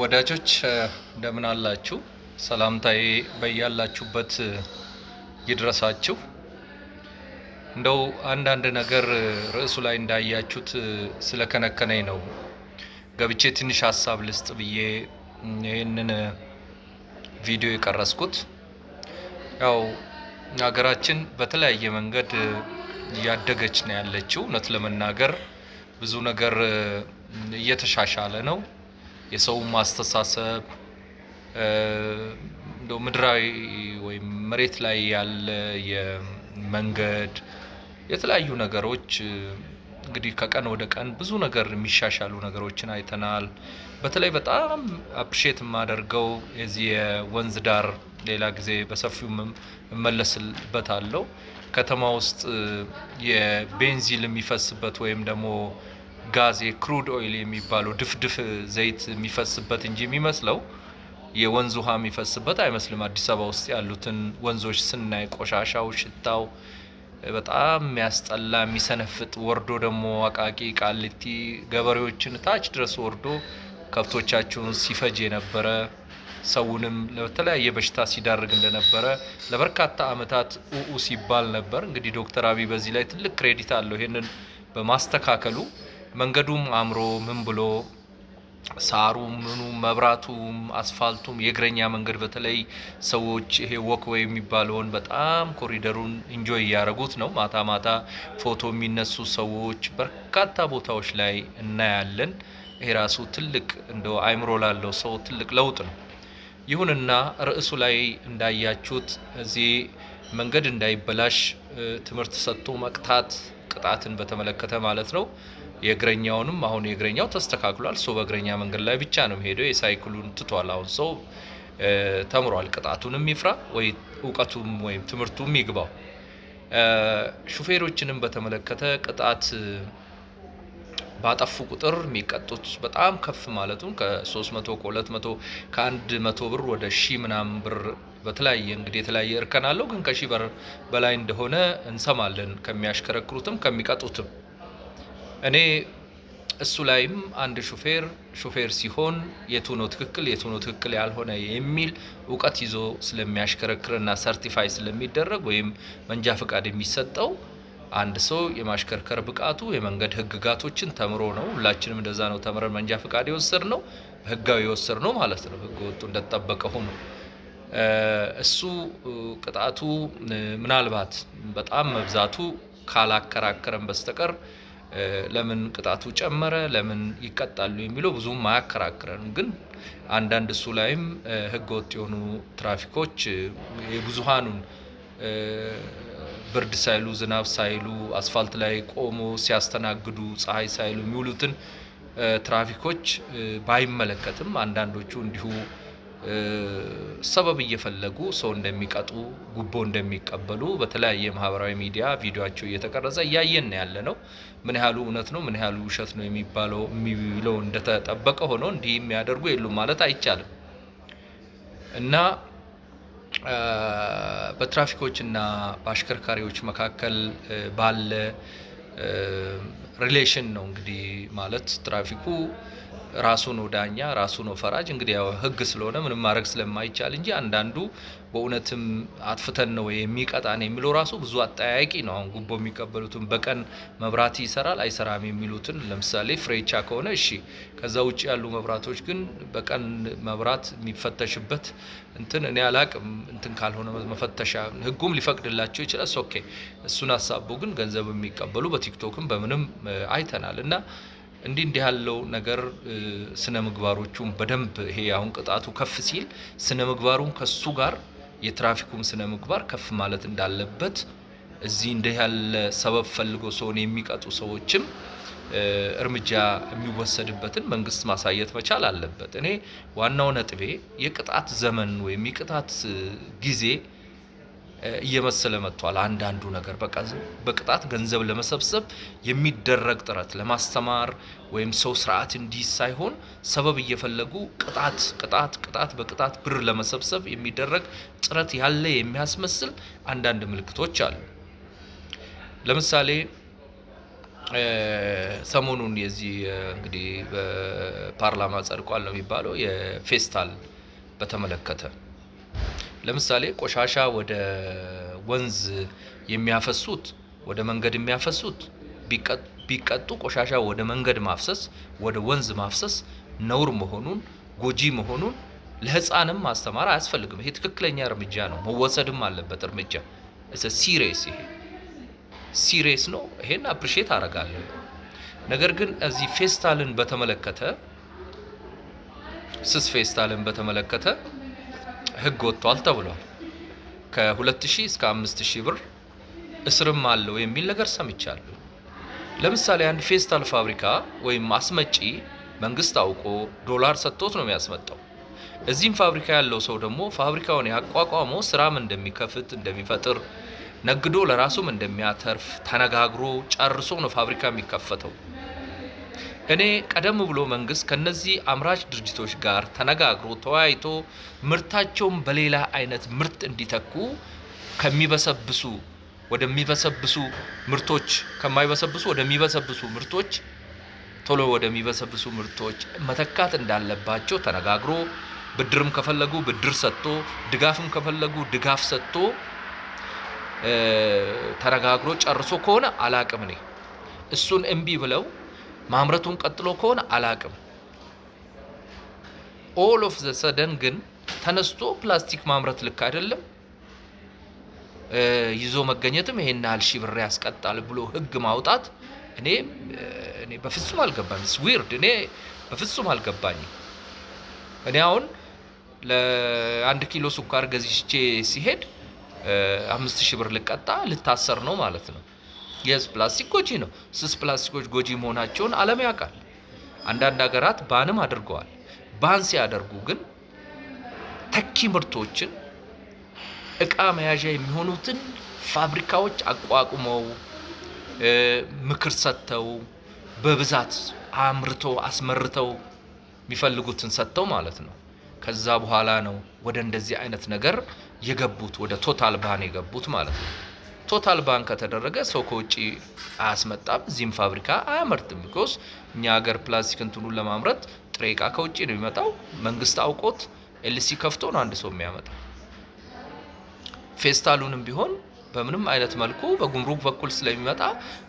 ወዳጆች እንደምን አላችሁ? ሰላምታዬ በያላችሁበት ይድረሳችሁ። እንደው አንዳንድ ነገር ርዕሱ ላይ እንዳያችሁት ስለከነከነኝ ነው ገብቼ ትንሽ ሀሳብ ልስጥ ብዬ ይህንን ቪዲዮ የቀረስኩት። ያው ሀገራችን በተለያየ መንገድ እያደገች ነው ያለችው። እውነት ለመናገር ብዙ ነገር እየተሻሻለ ነው። የሰውን ማስተሳሰብ እንደው ምድራዊ ወይም መሬት ላይ ያለ የመንገድ የተለያዩ ነገሮች እንግዲህ ከቀን ወደ ቀን ብዙ ነገር የሚሻሻሉ ነገሮችን አይተናል። በተለይ በጣም አፕሪሼት የማደርገው የዚህ የወንዝ ዳር ሌላ ጊዜ በሰፊው እመለስበታለሁ። ከተማ ውስጥ የቤንዚል የሚፈስበት ወይም ደግሞ ጋዜ ክሩድ ኦይል የሚባለው ድፍድፍ ዘይት የሚፈስበት እንጂ የሚመስለው የወንዝ ውሃ የሚፈስበት አይመስልም። አዲስ አበባ ውስጥ ያሉትን ወንዞች ስናይ ቆሻሻው፣ ሽታው በጣም የሚያስጠላ የሚሰነፍጥ፣ ወርዶ ደግሞ አቃቂ ቃሊቲ ገበሬዎችን ታች ድረስ ወርዶ ከብቶቻቸውን ሲፈጅ የነበረ ሰውንም ለተለያየ በሽታ ሲዳርግ እንደነበረ ለበርካታ ዓመታት ኡኡ ሲባል ነበር። እንግዲህ ዶክተር አብይ በዚህ ላይ ትልቅ ክሬዲት አለው ይህንን በማስተካከሉ መንገዱም አምሮ ምን ብሎ ሳሩ ምኑ መብራቱም አስፋልቱም የእግረኛ መንገድ በተለይ ሰዎች ይሄ ወይ የሚባለውን በጣም ኮሪደሩን ኢንጆይ እያደረጉት ነው። ማታ ማታ ፎቶ የሚነሱ ሰዎች በርካታ ቦታዎች ላይ እናያለን። ይሄ ራሱ ትልቅ እንደ አይምሮ ላለው ሰው ትልቅ ለውጥ ነው። ይሁንና ርዕሱ ላይ እንዳያችሁት እዚህ መንገድ እንዳይበላሽ ትምህርት ሰጥቶ መቅጣት ቅጣትን በተመለከተ ማለት ነው የእግረኛውንም አሁን የእግረኛው ተስተካክሏል። ሰው በእግረኛ መንገድ ላይ ብቻ ነው ሄደው የሳይክሉን ትቷል። አሁን ሰው ተምሯል። ቅጣቱንም ይፍራ ወይ እውቀቱም ወይም ትምህርቱም ይግባው። ሹፌሮችንም በተመለከተ ቅጣት ባጠፉ ቁጥር የሚቀጡት በጣም ከፍ ማለቱን ከ300 ከ200 ከ100 ብር ወደ ሺ ምናምን ብር በተለያየ እንግዲህ የተለያየ እርከን አለው፣ ግን ከሺ ብር በላይ እንደሆነ እንሰማለን ከሚያሽከረክሩትም ከሚቀጡትም እኔ እሱ ላይም አንድ ሹፌር ሹፌር ሲሆን የቱ ነው ትክክል የቱ ነው ትክክል ያልሆነ የሚል እውቀት ይዞ ስለሚያሽከረክርና ሰርቲፋይ ስለሚደረግ ወይም መንጃ ፈቃድ የሚሰጠው አንድ ሰው የማሽከርከር ብቃቱ የመንገድ ህግጋቶችን ተምሮ ነው። ሁላችንም እንደዛ ነው ተምረን መንጃ ፈቃድ የወሰድ ነው ህጋዊ የወሰድ ነው ማለት ነው። ህገ ወጡ እንደተጠበቀ ሆኖ እሱ ቅጣቱ ምናልባት በጣም መብዛቱ ካላከራከረን በስተቀር ለምን ቅጣቱ ጨመረ፣ ለምን ይቀጣሉ የሚለው ብዙም አያከራክረንም። ግን አንዳንድ እሱ ላይም ህገወጥ የሆኑ ትራፊኮች የብዙሃኑን ብርድ ሳይሉ ዝናብ ሳይሉ አስፋልት ላይ ቆሞ ሲያስተናግዱ ፀሐይ ሳይሉ የሚውሉትን ትራፊኮች ባይመለከትም አንዳንዶቹ እንዲሁ ሰበብ እየፈለጉ ሰው እንደሚቀጡ ጉቦ እንደሚቀበሉ በተለያየ ማህበራዊ ሚዲያ ቪዲዮቸው እየተቀረጸ እያየን ያለ ነው። ምን ያህሉ እውነት ነው፣ ምን ያህሉ ውሸት ነው የሚባለው የሚለው እንደተጠበቀ ሆኖ እንዲህ የሚያደርጉ የሉም ማለት አይቻልም እና በትራፊኮችና በአሽከርካሪዎች መካከል ባለ ሪሌሽን ነው እንግዲህ ማለት ትራፊኩ ራሱ ነው ዳኛ፣ ራሱ ነው ፈራጅ። እንግዲህ ያው ህግ ስለሆነ ምንም ማድረግ ስለማይቻል እንጂ አንዳንዱ በእውነትም አጥፍተን ነው የሚቀጣን የሚለው ራሱ ብዙ አጠያያቂ ነው። አሁን ጉቦ የሚቀበሉትን በቀን መብራት ይሰራል አይሰራም የሚሉትን ለምሳሌ ፍሬቻ ከሆነ እሺ፣ ከዛ ውጭ ያሉ መብራቶች ግን በቀን መብራት የሚፈተሽበት እንትን እኔ አላቅም። እንትን ካልሆነ መፈተሻ ህጉም ሊፈቅድላቸው ይችላል። ኦኬ፣ እሱን አሳቦ ግን ገንዘብ የሚቀበሉ በቲክቶክም በምንም አይተናል እና እንዲህ እንዲህ ያለው ነገር ስነ ምግባሮቹን በደንብ ይሄ አሁን ቅጣቱ ከፍ ሲል ስነ ምግባሩን ከሱ ጋር የትራፊኩም ስነ ምግባር ከፍ ማለት እንዳለበት እዚህ እንዲህ ያለ ሰበብ ፈልጎ ሰውን የሚቀጡ ሰዎችም እርምጃ የሚወሰድበትን መንግስት ማሳየት መቻል አለበት። እኔ ዋናው ነጥቤ የቅጣት ዘመን ወይም የቅጣት ጊዜ እየመሰለ መጥቷል። አንዳንዱ ነገር በቃ በቅጣት ገንዘብ ለመሰብሰብ የሚደረግ ጥረት ለማስተማር ወይም ሰው ስርዓት እንዲህ ሳይሆን ሰበብ እየፈለጉ ቅጣት ቅጣት ቅጣት በቅጣት ብር ለመሰብሰብ የሚደረግ ጥረት ያለ የሚያስመስል አንዳንድ ምልክቶች አሉ። ለምሳሌ ሰሞኑን የዚህ እንግዲህ በፓርላማ ጸድቋል ነው የሚባለው የፌስታል በተመለከተ ለምሳሌ ቆሻሻ ወደ ወንዝ የሚያፈሱት ወደ መንገድ የሚያፈሱት ቢቀጡ ቆሻሻ ወደ መንገድ ማፍሰስ ወደ ወንዝ ማፍሰስ ነውር መሆኑን ጎጂ መሆኑን ለህፃንም ማስተማር አያስፈልግም። ይሄ ትክክለኛ እርምጃ ነው፣ መወሰድም አለበት እርምጃ ሲሬስ ይሄ ሲሬስ ነው። ይሄን አፕሪሼት አደርጋለሁ። ነገር ግን እዚህ ፌስታልን በተመለከተ ስስ ፌስታልን በተመለከተ ህግ ወጥቷል ተብሏል። ከ2000 እስከ 5000 ብር እስርም አለው የሚል ነገር ሰምቻለሁ። ለምሳሌ አንድ ፌስታል ፋብሪካ ወይም አስመጪ መንግስት አውቆ ዶላር ሰጥቶት ነው የሚያስመጣው። እዚህም ፋብሪካ ያለው ሰው ደግሞ ፋብሪካውን ያቋቋመው ስራም እንደሚከፍት እንደሚፈጥር ነግዶ ለራሱም እንደሚያተርፍ ተነጋግሮ ጨርሶ ነው ፋብሪካ የሚከፈተው። እኔ ቀደም ብሎ መንግስት ከነዚህ አምራች ድርጅቶች ጋር ተነጋግሮ ተወያይቶ ምርታቸውን በሌላ አይነት ምርት እንዲተኩ ከሚበሰብሱ ወደሚበሰብሱ ምርቶች ከማይበሰብሱ ወደሚበሰብሱ ምርቶች ቶሎ ወደሚበሰብሱ ምርቶች መተካት እንዳለባቸው ተነጋግሮ ብድርም ከፈለጉ ብድር ሰጥቶ ድጋፍም ከፈለጉ ድጋፍ ሰጥቶ ተነጋግሮ ጨርሶ ከሆነ አላቅም እኔ እሱን እምቢ ብለው ማምረቱን ቀጥሎ ከሆነ አላቅም። ኦል ኦፍ ዘ ሰደን ግን ተነስቶ ፕላስቲክ ማምረት ልክ አይደለም ይዞ መገኘትም ይሄን ያህል ሺ ብር ያስቀጣል ብሎ ህግ ማውጣት እኔ እኔ በፍጹም አልገባኝ ስዊርድ እኔ በፍጹም አልገባኝም። እኔ አሁን ለአንድ ኪሎ ስኳር ገዝቼ ሲሄድ አምስት ሺ ብር ልቀጣ ልታሰር ነው ማለት ነው። የህዝብ ፕላስቲክ ጎጂ ነው። ስስ ፕላስቲኮች ጎጂ መሆናቸውን ዓለም ያውቃል። አንዳንድ ሀገራት ባንም አድርገዋል። ባን ሲያደርጉ ግን ተኪ ምርቶችን እቃ መያዣ የሚሆኑትን ፋብሪካዎች አቋቁመው ምክር ሰጥተው በብዛት አምርተው አስመርተው የሚፈልጉትን ሰጥተው ማለት ነው። ከዛ በኋላ ነው ወደ እንደዚህ አይነት ነገር የገቡት ወደ ቶታል ባን የገቡት ማለት ነው። ቶታል ባን ከተደረገ ሰው ከውጭ አያስመጣም፣ እዚህም ፋብሪካ አያመርትም። ቢኮስ እኛ ሀገር ፕላስቲክ እንትኑ ለማምረት ጥሬ እቃ ከውጭ ነው የሚመጣው። መንግስት አውቆት ኤልሲ ከፍቶ ነው አንድ ሰው የሚያመጣው። ፌስታሉንም ቢሆን በምንም አይነት መልኩ በጉምሩክ በኩል ስለሚመጣ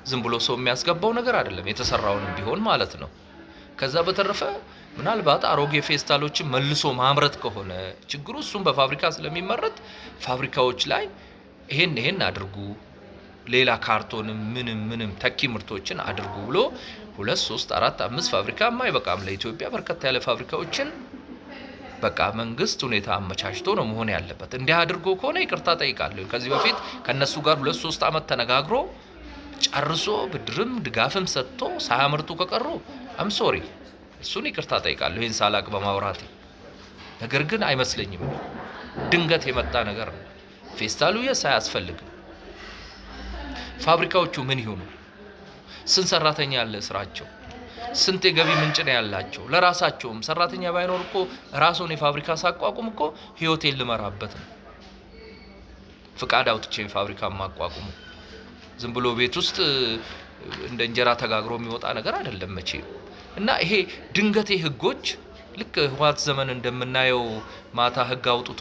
ዝም ብሎ ሰው የሚያስገባው ነገር አይደለም፣ የተሰራውንም ቢሆን ማለት ነው። ከዛ በተረፈ ምናልባት አሮጌ ፌስታሎችን መልሶ ማምረት ከሆነ ችግሩ እሱም በፋብሪካ ስለሚመረት ፋብሪካዎች ላይ ይሄን ይሄን አድርጉ፣ ሌላ ካርቶንም ምንም ምንም ተኪ ምርቶችን አድርጉ ብሎ ሁለት ሶስት አራት አምስት ፋብሪካ የማይበቃም ለኢትዮጵያ በርከት ያለ ፋብሪካዎችን በቃ መንግስት ሁኔታ አመቻችቶ ነው መሆን ያለበት። እንዲህ አድርጎ ከሆነ ይቅርታ ጠይቃለሁ። ከዚህ በፊት ከነሱ ጋር ሁለት ሶስት ዓመት ተነጋግሮ ጨርሶ ብድርም ድጋፍም ሰጥቶ ሳያመርቱ ከቀሩ አም ሶሪ እሱን ይቅርታ ጠይቃለሁ፣ ይህን ሳላቅ በማውራቴ ነገር ግን አይመስለኝም ድንገት የመጣ ነገር ነው። ፌስታሉ የስ አያስፈልግም። ፋብሪካዎቹ ምን ይሁኑ? ስንት ሰራተኛ ያለ ስራቸው? ስንት የገቢ ምንጭ ነው ያላቸው? ለራሳቸውም ሰራተኛ ባይኖር እኮ ራሱን የፋብሪካ ሳቋቁም እኮ ህይወቴን ልመራበት ነው። ፍቃድ አውጥቼ ፋብሪካ ማቋቁሙ ዝም ብሎ ቤት ውስጥ እንደ እንጀራ ተጋግሮ የሚወጣ ነገር አይደለም መቼ እና ይሄ ድንገቴ ህጎች ልክ ህወሀት ዘመን እንደምናየው ማታ ህግ አውጥቶ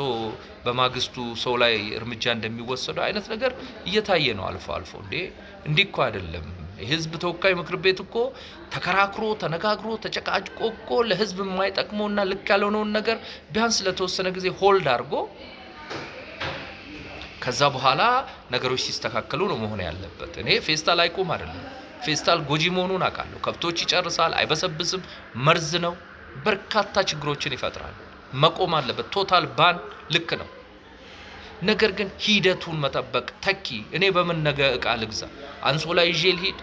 በማግስቱ ሰው ላይ እርምጃ እንደሚወሰደው አይነት ነገር እየታየ ነው። አልፎ አልፎ እንዴ እንዲህ እኮ አይደለም። የህዝብ ተወካይ ምክር ቤት እኮ ተከራክሮ ተነጋግሮ ተጨቃጭቆ እኮ ለህዝብ የማይጠቅመውና ልክ ያልሆነውን ነገር ቢያንስ ለተወሰነ ጊዜ ሆልድ አድርጎ ከዛ በኋላ ነገሮች ሲስተካከሉ ነው መሆን ያለበት። እኔ ፌስታል አይቆም አይደለም ፌስታል ጎጂ መሆኑን አውቃለሁ። ከብቶች ይጨርሳል፣ አይበሰብስም፣ መርዝ ነው። በርካታ ችግሮችን ይፈጥራል። መቆም አለበት። ቶታል ባን ልክ ነው። ነገር ግን ሂደቱን መጠበቅ ተኪ እኔ በምን ነገ እቃ ልግዛ? አንሶላ ይዤ ልሂድ?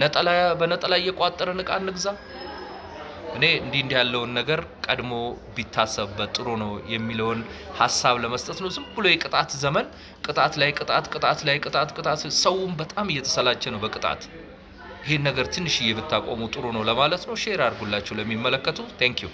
ነጠላ በነጠላ እየቋጠረን እቃ እንግዛ? እኔ እንዲህ እንዲህ ያለውን ነገር ቀድሞ ቢታሰብበት ጥሩ ነው የሚለውን ሀሳብ ለመስጠት ነው። ዝም ብሎ የቅጣት ዘመን ቅጣት ላይ ቅጣት፣ ቅጣት ላይ ቅጣት፣ ቅጣት ሰውም በጣም እየተሰላቸ ነው በቅጣት ይህን ነገር ትንሽዬ ብታቆሙ ጥሩ ነው ለማለት ነው። ሼር አድርጉላችሁ ለሚመለከቱ ቴንኪዩ